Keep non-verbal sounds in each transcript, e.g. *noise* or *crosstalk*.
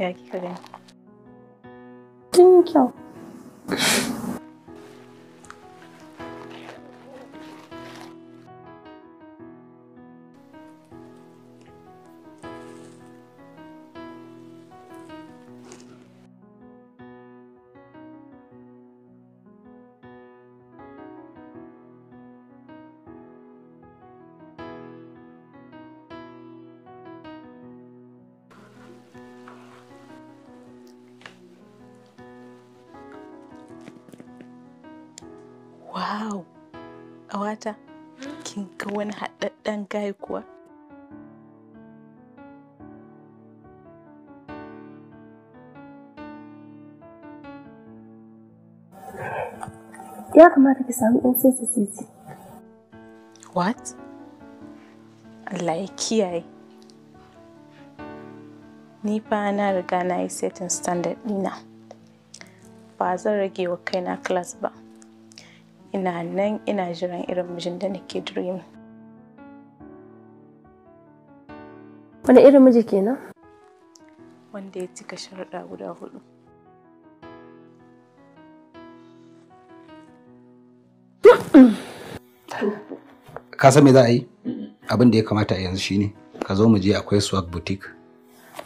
Ya kika gani. kyau. wow Awata kin ga wani haɗaɗɗen gayi kuwa ya kamata ki samu ɗan sai sisi. What? Allah ya kiyaye. Ni fa na riga na yi setin standard ɗina. Ba zan rage wa kaina class ba. ina nan ina jiran irin mijin da nake dream wani irin miji kenan wanda ya cika sharuɗa guda hudu ka san me za a yi abin da ya kamata a yanzu shine ka zo mu je akwai swag boutique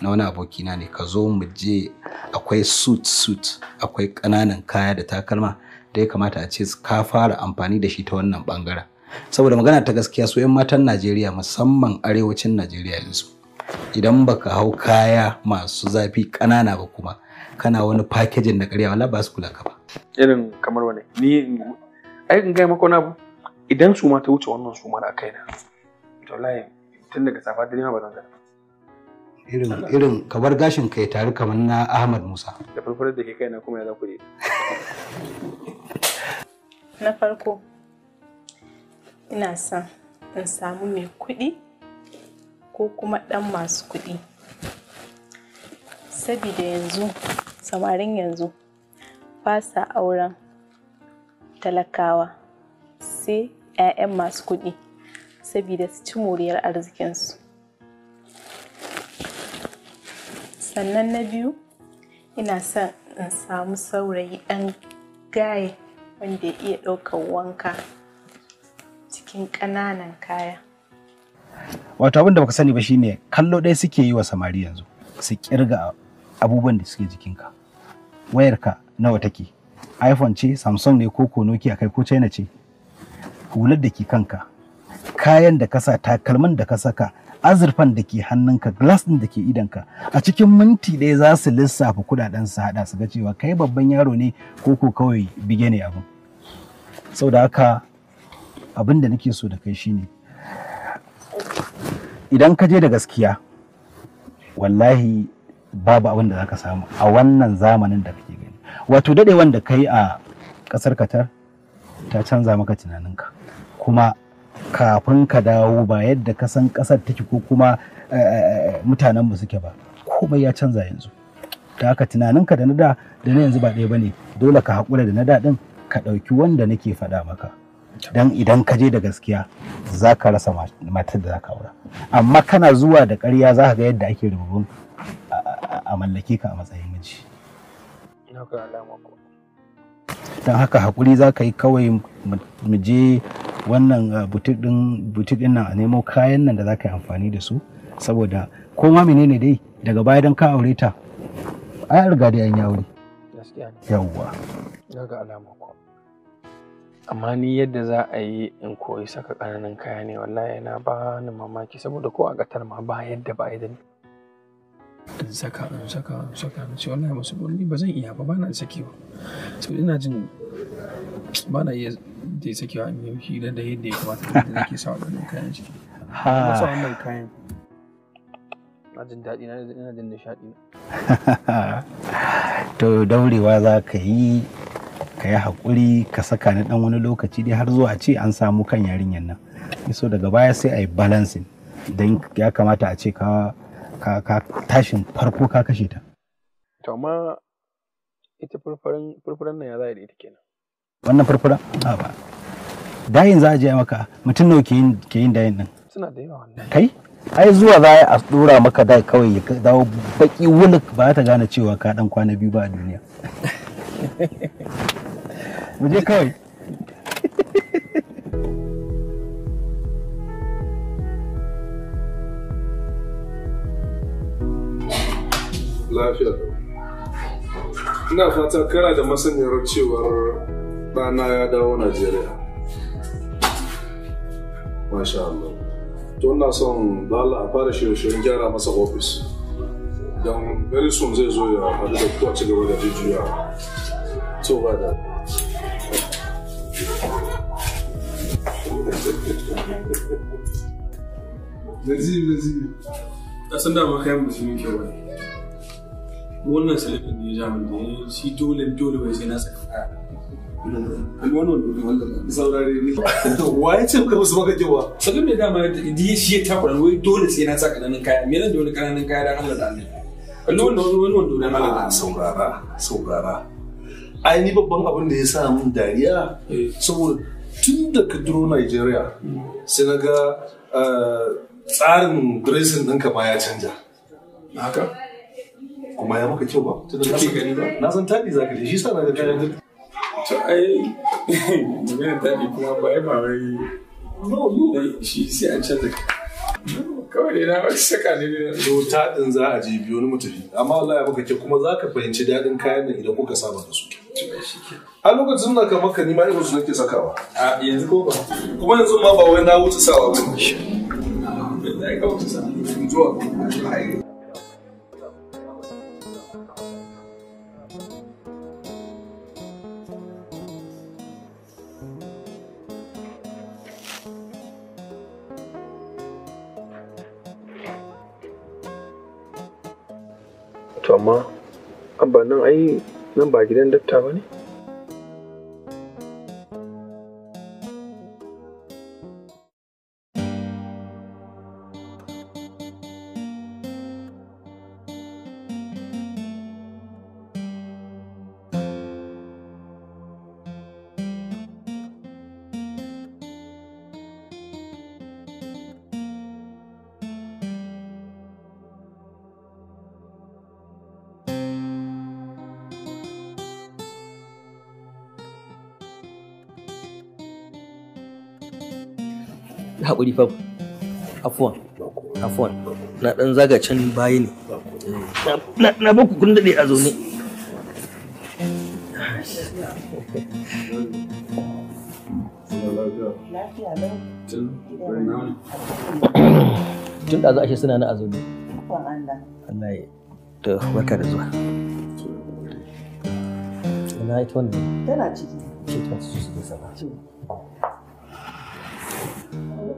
na wani abokina ne ka zo mu je akwai suit suit akwai ƙananan kaya da takalma da ya kamata a ce ka fara amfani da shi ta wannan bangaren saboda magana ta gaskiya su 'yan matan najeriya musamman arewacin najeriya yanzu idan baka hau kaya masu zafi ƙanana ba kuma kana wani fakejin na ƙarya wala ba su kula ka ba irin kamar wani ni ai in ga maka bu idan su ma ta wuce wannan su ma da kaina to layin tun daga safa dare ma ba zan ga irin irin ka bar gashin kai tare kamar na Ahmad Musa da farko da ke kaina kuma ya za ku na farko ina son in samu mai kuɗi ko kuma ɗan masu kuɗi sabida yanzu samarin yanzu fasa auren talakawa sai 'ya'yan masu kuɗi sabida su ci moriyar arzikinsu sannan na biyu ina son in samu saurayi ɗan gaye wanda ya iya ɗaukar wanka cikin ƙananan kaya wato abin da baka sani ba shine kallo ɗaya suke yi wa samari yanzu su kirga abubuwan da suke jikinka wayarka nawa take iphone ce samsung ne ko konoki kai ko china ce hular da ke kanka kayan da ka sa takalmin da ka saka azurfan da ke hannunka glass din da ke idanka a cikin minti ɗaya za su lissafa kudaden su hada su ga cewa kai babban yaro ne ko ko kawai bige ne abin sau da haka abin da nake so da kai shine idan ka je da gaskiya wallahi babu abin da za ka samu a wannan zamanin da kake gani wato daɗe wanda kai a ƙasar katar ta canza maka tunaninka kuma kafin ka dawo ba yadda ka san ƙasar take ko kuma eh, eh, eh, mutanen mu suke ba komai ya canza yanzu da haka tunaninka da na da da na yanzu ba ɗaya bane dole ka haƙura da na da din ka ɗauki wanda nake faɗa maka dan idan ka je da gaskiya za ka rasa matar da za ka aura amma kana zuwa da ƙarya za ka ga yadda ake rububin a mallake ka a matsayin miji don haka hakuri za ka yi kawai mu je wannan ah, butik din butik nan a nemo kayan nan da za ka yi amfani da su saboda ko ma menene dai daga baya don ka aure ta ai riga dai an yi aure yawwa ga alama ko amma ni yadda za a yi in koyi saka ƙananan kaya ne wallahi yana ba ni mamaki saboda ko a ƙatar ma ba yadda ba idan. in saka in saka in saka na ce wallahi masu ni ba zan iya ba ba na sakewa so ina jin ba na iya da sakewa in yau shi da yadda ya kamata da nake sa wannan kayan ciki na sa wannan kayan na jin daɗi na ina jin nishaɗi *laughs* to daurewa za ka yi ka yi haƙuri ka saka ni ɗan wani lokaci dai har zuwa ce an samu kan yarinyar nan so daga baya sai a yi balancing don ya kamata a ce ka ka ka tashin farko ka kashe ta to amma ita furfuran furfuran nan ya za da ita kenan wannan furfura a ba dayin za a je maka mutum nawa ke yin ke yin dayin nan. suna da yawa wannan kai ai zuwa za a dora maka dai kawai ya dawo baki wuluk ba ta gane cewa ka dan kwana biyu ba a duniya *laughs* mu je kawai lafiya da ina fata kana da masaniyar cewar ɗana ya dawo najeriya masha Allah to ina son dala a fara shirye-shiryen gyara masa ofis don very soon zai zo ya haɗu da kuwa ci gaba da jijiya to ba da Nazibi, Nazibi. Ta san dama kayan musulmi ke wannan silifin da ya ja mun da shi dole dole wai sai na saka kaya an wannan da wanda saurare ne *laughs* wa ya ce ka musu maka kewa sabin mai dama ya shi ya takura wai dole sai na saka kananan kaya me nan da wani kananan kaya dan Allah da Allah kallo wannan wani wanda wani malam ah, saurara saurara ai ni babban abin da ya sa mun dariya eh. saboda tun da ka duro Nigeria sai na ga eh, tsarin dressing ɗinka ma ya canja haka kuma ya maka kyau ba na san taɗi za ka je shi sa na da kayan to ai *laughs* ne taɗi kuma ba ya ba wai shi sai an canza kawai dai na shi saka ne ne to taɗin za a ji biyo ni tafi. amma wallahi ya maka kyau kuma za ka fahimci daɗin kayan nan idan kuka saba da su a lokacin ka maka ni ma irin su nake sakawa a yanzu ko ba kuma yanzu ma ba wai na wuce sawa ba ne. Zuwa. ba nan ai nan ba gidan dakta ba ne? haƙuri fa afuwan afuwan na ɗan zaga can bayi ne na ku kun daɗe a zaune tun da shi suna na a zaune Allah ya to barka da zuwa ina ita wannan tana ciki ce ta su suke sama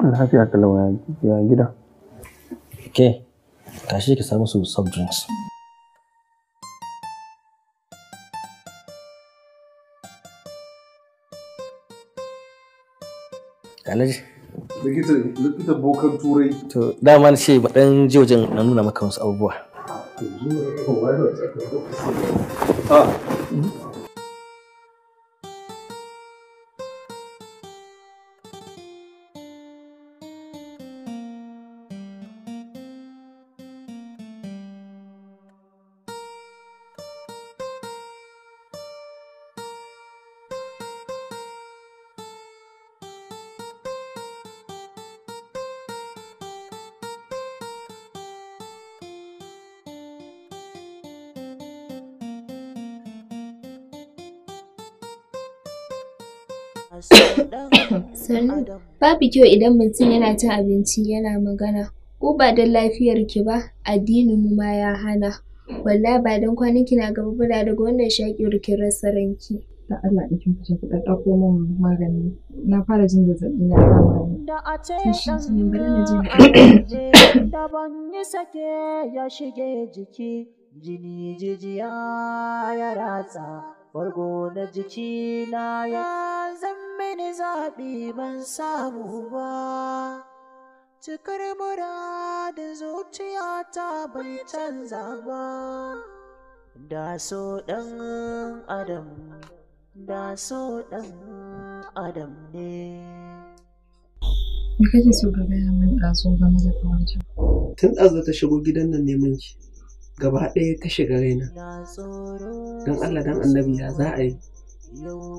Lafiya kalau ya gida. Ke, tashi ki samu su soft drinks. Alhaji. Likita, likita bokan turai. To, dama na ce baɗan jojin na nuna maka wasu abubuwa. Ah, hmm? *coughs* Sannu, babu kyau idan mutum yana cin abinci yana magana, ko ba don lafiyarki ba, mu ma ya hana. Wallahi ba don kwanaki na gaba ba daga wannan shaƙiwar kin rasa ranki. Da Allah in kin fita ki ɗaɗɗauko min magani. Na fara jin zazzaɓi na fara. Da a ce ɗan aje *coughs* sake ya shige jiki jini jijiya ya ratsa. Bargo na jiki na ya wani zaɓi ban samu ba cikar muradin zuciyata bai canza ba da so ɗan adam da so ɗan adam ne me kake so ka gaya min ɗazu game da kawance tun ɗazu ta shigo gidan nan neman ki gaba ɗaya ta shiga raina don allah don annabi ya za a yi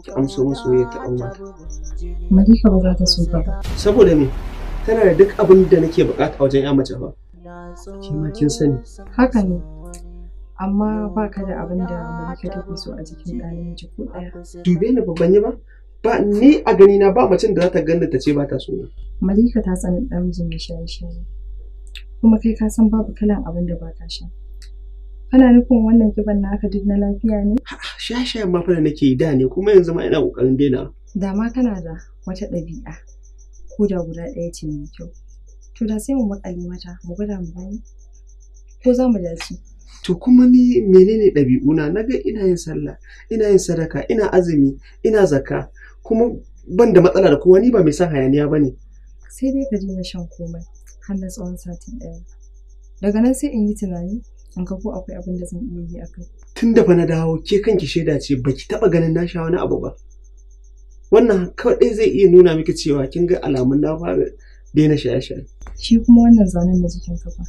ki amsa musu ya ta amma Malika ba za ta so ba saboda me tana da duk abin da nake bukata wajen ya mace ba ki ma kin sani haka ne amma ba ka da abin da Malika take so a jikin ɗan namiji ko ɗaya dube ni babban yi ba ba ni a gani na ba macen da za ta ganna ta ce ba ta so Malika ta sani ɗan mijin ya shaye shaye kuma kai ka san babu kalan abin da ba ka sha Kana nufin wannan kiban naka duk na lafiya ne? Shashayen ma fa nake yi da ne kuma yanzu ma ina kokarin daina. Da ma kana da wata ɗabi'a ko da guda ɗaya ce mai kyau. To da sai mu maƙale mata mu gwada mu gani ko za mu dace. To kuma ni menene ɗabi'una na ga ina yin sallah, ina yin sadaka, ina azumi, ina zakka kuma ban da matsala da kowa ni ba mai son hayaniya ba ne. Sai dai ka je shan komai har na tsawon sati ɗaya. Daga nan sai in yi tunani an ga ko akwai abin da zan iya yi kai? tun da bana na dawo ke kanki shaida ce baki taba ganin na sha wani abu ba wannan kawai zai iya nuna miki cewa kin ga alamun na fara daina shaye-shaye shi kuma wannan zanen na jikin kafa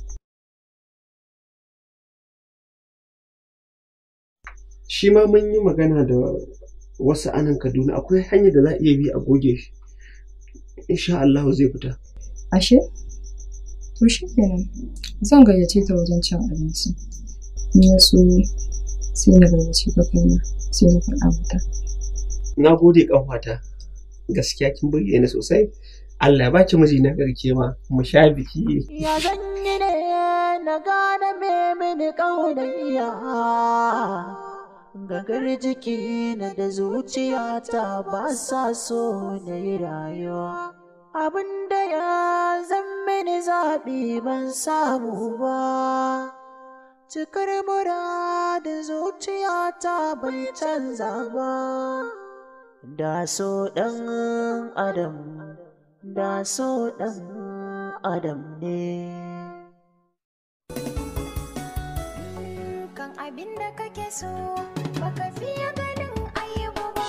shi ma mun yi magana da wasu anan kaduna akwai hanyar da za a iya bi a goge shi insha Allah zai fita ashe To shi kenan, zan gayyace ta wajen cin abinci. In ya so sai na gayyace ka kaina sai na faɗa mata. Na gode ƙanwata, gaskiya kin burge ni sosai. Allah ba ki miji na karke ma mu sha biki. Ya zan yi ne na gane me mini ƙaunayya. Gagar jiki na da zuciyata ta ba sa so na yi rayuwa. abin da ya zan mini zaɓi ban samu ba cikar muradin zuciyata bai canza ba da so ɗan adam da so ɗan adam ne kan abin da kake so baka fiye ganin ayyubu ba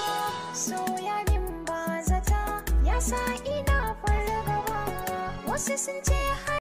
soya ba zata ya sa ina 我心信皆海。